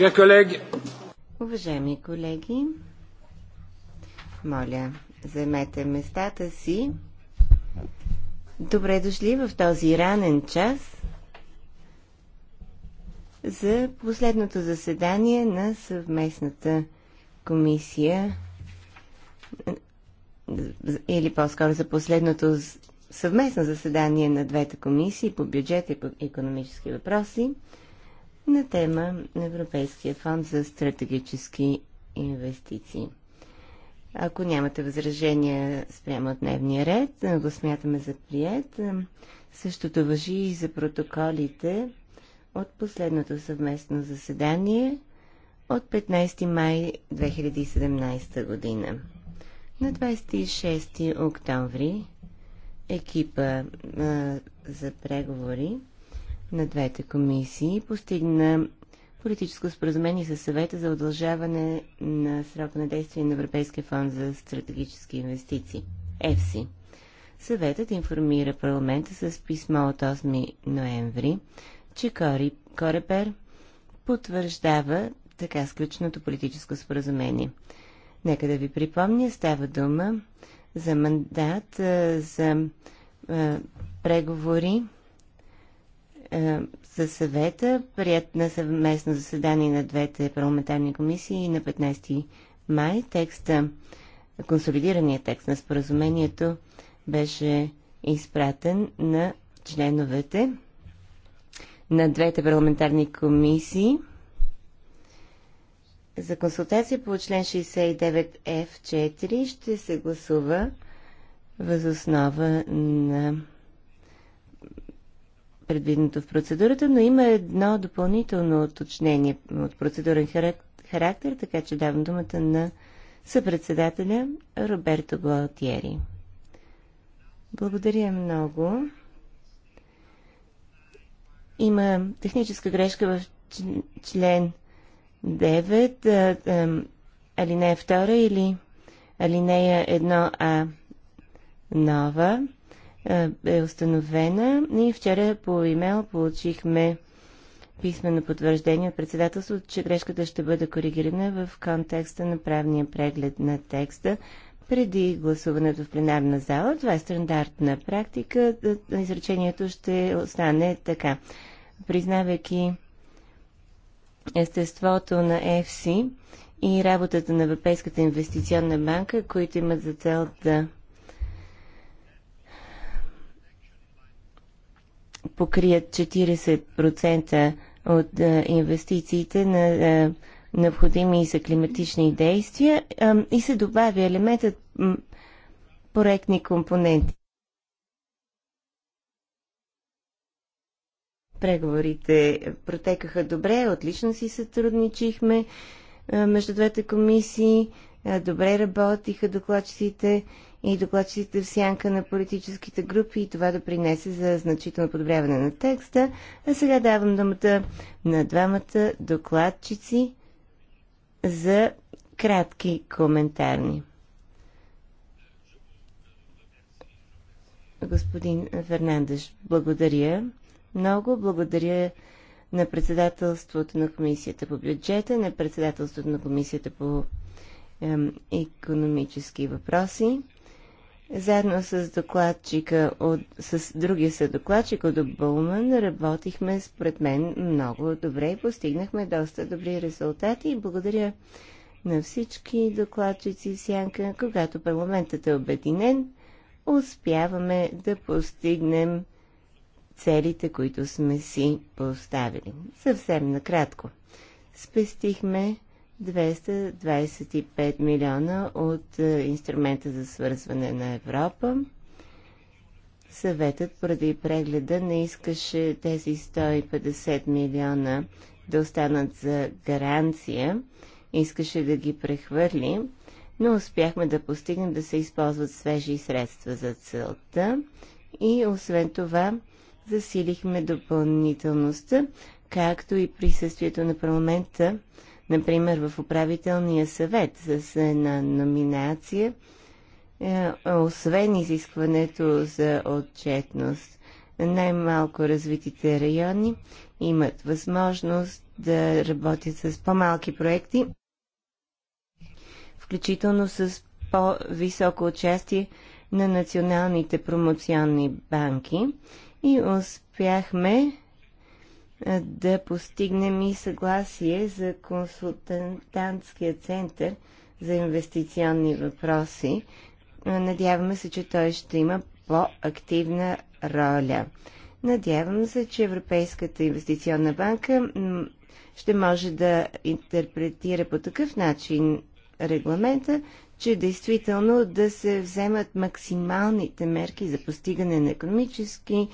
Chers collègues, Уважаеми колеги, моля, заемете местата си. Добре дошли в този ранен час за последното заседание на съвместната комисия или по-скоро за последното съвместно заседание на двете комисии по бюджет и по економически въпроси на тема на Европейския фонд за стратегически инвестиции. Ако нямате възражения спрямо от дневния ред, го смятаме за прият. Същото въжи и за протоколите от последното съвместно заседание от 15 май 2017 година. На 26 октомври екипа а, за преговори на двете комисии постигна политическо споразумение със съвета за удължаване на срока на действие на Европейския фонд за стратегически инвестиции – ЕФСИ. Съветът информира парламента с писмо от 8 ноември, че Кори, Корепер потвърждава така сключеното политическо споразумение. Нека да ви припомня, става дума за мандат за а, преговори със е, съвета, прият на съвместно заседание на двете парламентарни комисии на 15 май. Текста, консолидирания текст на споразумението беше изпратен на членовете на двете парламентарни комисии за консултация по член 69F4 ще се гласува възоснова на предвиденото в процедурата, но има едно допълнително уточнение от процедурен характер, така че давам думата на съпредседателя Роберто Гуалтиери. Благодаря много. Има техническа грешка в член 9, алинея 2 или алинея 1а нова. Е, е установена и вчера по имейл получихме писмено потвърждение от председателството, че грешката ще бъде коригирана в контекста на правния преглед на текста преди гласуването в пленарна зала. Това е стандартна практика. Изречението ще остане така. Признавайки естеството на Ефси и работата на Европейската инвестиционна банка, които имат за цел да покрият 40% от а, инвестициите на а, необходими за климатични действия а, и се добавя елементът м, проектни компоненти. Преговорите протекаха добре, отлично си сътрудничихме между двете комисии, добре работиха докладчиците и докладчиците в сянка на политическите групи и това да принесе за значително подобряване на текста. А сега давам думата на двамата докладчици за кратки коментарни. Господин Фернандеш, благодаря. Много благодаря на председателството на Комисията по бюджета, на председателството на Комисията по економически въпроси. Заедно с докладчика, от, с другия съдокладчик от Булман, работихме според мен много добре и постигнахме доста добри резултати и благодаря на всички докладчици в Сянка. Когато парламентът е обединен, успяваме да постигнем целите, които сме си поставили. Съвсем накратко. Спестихме 225 милиона от е, инструмента за свързване на Европа. Съветът поради прегледа не искаше тези 150 милиона да останат за гаранция, искаше да ги прехвърли, но успяхме да постигнем да се използват свежи средства за целта и освен това засилихме допълнителността, както и присъствието на парламента например, в управителния съвет с една номинация, е, освен изискването за отчетност, най-малко развитите райони имат възможност да работят с по-малки проекти, включително с по-високо участие на националните промоционни банки и успяхме е, да постигнем и съгласие за консултантския център за инвестиционни въпроси. Е, надяваме се, че той ще има по-активна роля. Надявам се, че Европейската инвестиционна банка ще може да интерпретира по такъв начин регламента, че действително да се вземат максималните мерки за постигане на економически,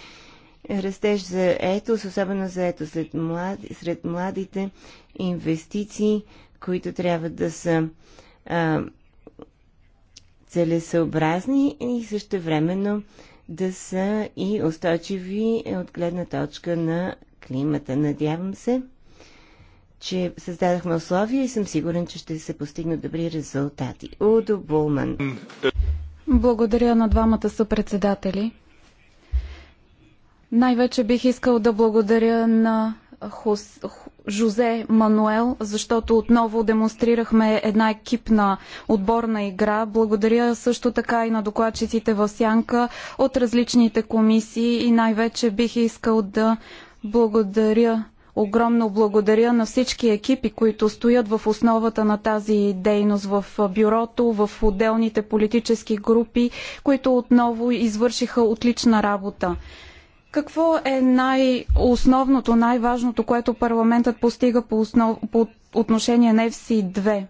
растеж за етос, особено за етос сред, млад, сред младите, инвестиции, които трябва да са а, целесъобразни и също времено да са и устойчиви от гледна точка на климата. Надявам се, че създадахме условия и съм сигурен, че ще се постигнат добри резултати. Удо Булман. Благодаря на двамата съпредседатели. Най-вече бих искал да благодаря на Хос... Жозе Мануел, защото отново демонстрирахме една екипна отборна игра. Благодаря също така и на докладчиците в Сянка от различните комисии и най-вече бих искал да благодаря огромно благодаря на всички екипи, които стоят в основата на тази дейност в бюрото, в отделните политически групи, които отново извършиха отлична работа. Какво е най-основното, най-важното, което парламентът постига по, основ... по отношение на FC2.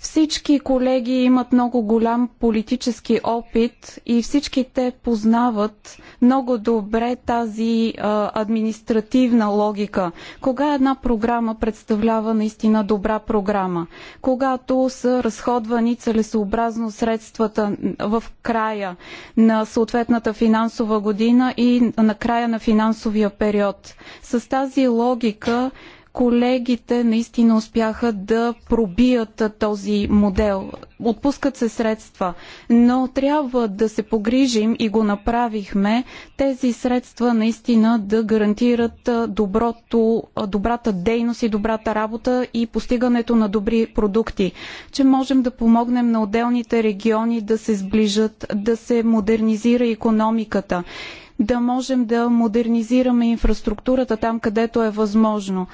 Всички колеги имат много голям политически опит и всички те познават много добре тази а, административна логика. Кога една програма представлява наистина добра програма? Когато са разходвани целесообразно средствата в края на съответната финансова година и на края на финансовия период. С тази логика колегите наистина успяха да пробият този модел. Отпускат се средства, но трябва да се погрижим и го направихме тези средства наистина да гарантират доброто, добрата дейност и добрата работа и постигането на добри продукти, че можем да помогнем на отделните региони да се сближат, да се модернизира економиката да можем да модернизираме инфраструктурата там, където е възможно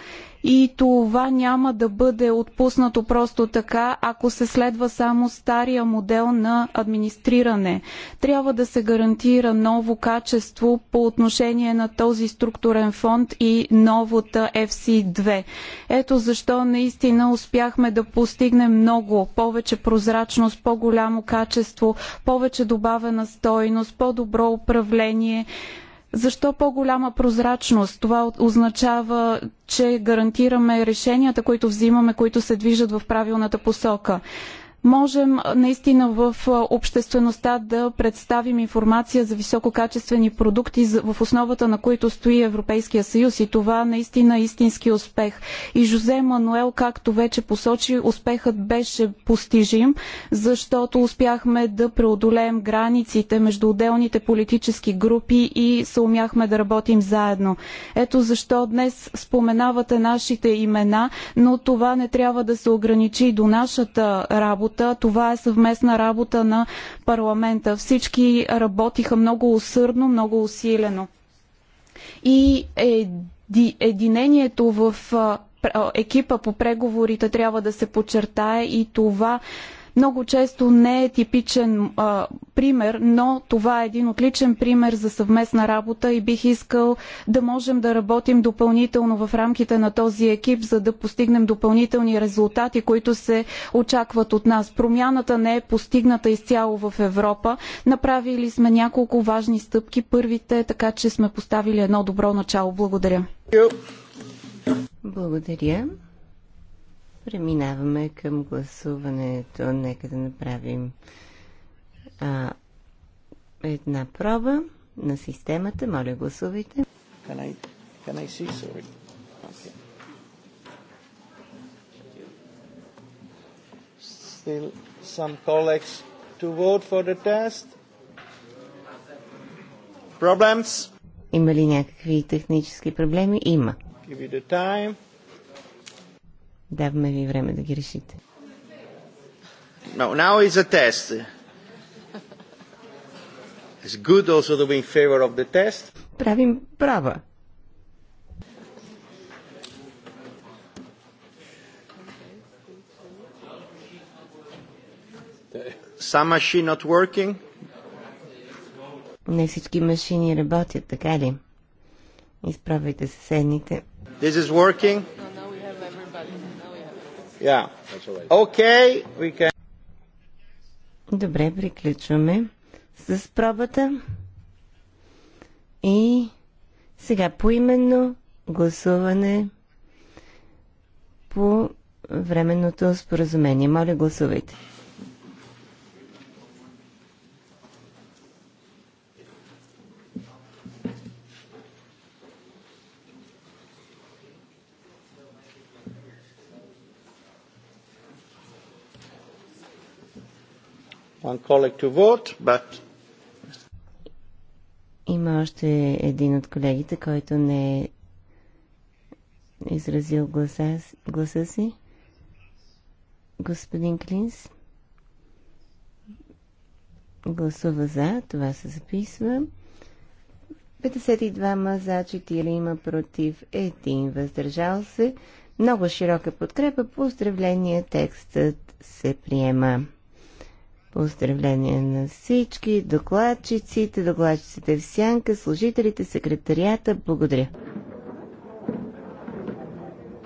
и това няма да бъде отпуснато просто така, ако се следва само стария модел на администриране. Трябва да се гарантира ново качество по отношение на този структурен фонд и новата FC2. Ето защо наистина успяхме да постигнем много повече прозрачност, по-голямо качество, повече добавена стойност, по-добро управление. Защо по-голяма прозрачност? Това означава, че гарантираме решенията, които взимаме, които се движат в правилната посока можем наистина в обществеността да представим информация за висококачествени продукти, в основата на които стои Европейския съюз и това наистина е истински успех. И Жозе Мануел, както вече посочи, успехът беше постижим, защото успяхме да преодолеем границите между отделните политически групи и се умяхме да работим заедно. Ето защо днес споменавате нашите имена, но това не трябва да се ограничи до нашата работа, работа. Това е съвместна работа на парламента. Всички работиха много усърдно, много усилено. И еди, единението в екипа по преговорите трябва да се подчертае и това много често не е типичен а, пример, но това е един отличен пример за съвместна работа и бих искал да можем да работим допълнително в рамките на този екип, за да постигнем допълнителни резултати, които се очакват от нас. Промяната не е постигната изцяло в Европа. Направили сме няколко важни стъпки, първите, така че сме поставили едно добро начало. Благодаря. Благодаря. Преминаваме към гласуването. Нека да направим а, една проба на системата. Моля, гласувайте. Can I, can I see? Sorry. Okay. Still some colleagues to vote for the test. Problems? Има ли някакви технически проблеми? Има. Give you the time. Даваме ви време да ги решите. Now, now is a test. It's good also to be in favor of the test. Правим права. Some machine not working? Не всички машини работят, така ли? Изправяйте се седните. This is working? Okay, we can... Добре, приключваме с пробата. И сега поименно гласуване по временното споразумение. Моля, гласувайте. one colleague to vote, but... Има още един от колегите, който не е изразил гласа, гласа си. Господин Клинс гласува за, това се записва. 52 ма за, 4 има против, 1 въздържал се. Много широка подкрепа. Поздравление текстът се приема. Поздравление на всички, докладчиците, докладчиците в сянка, служителите, секретарията. Благодаря.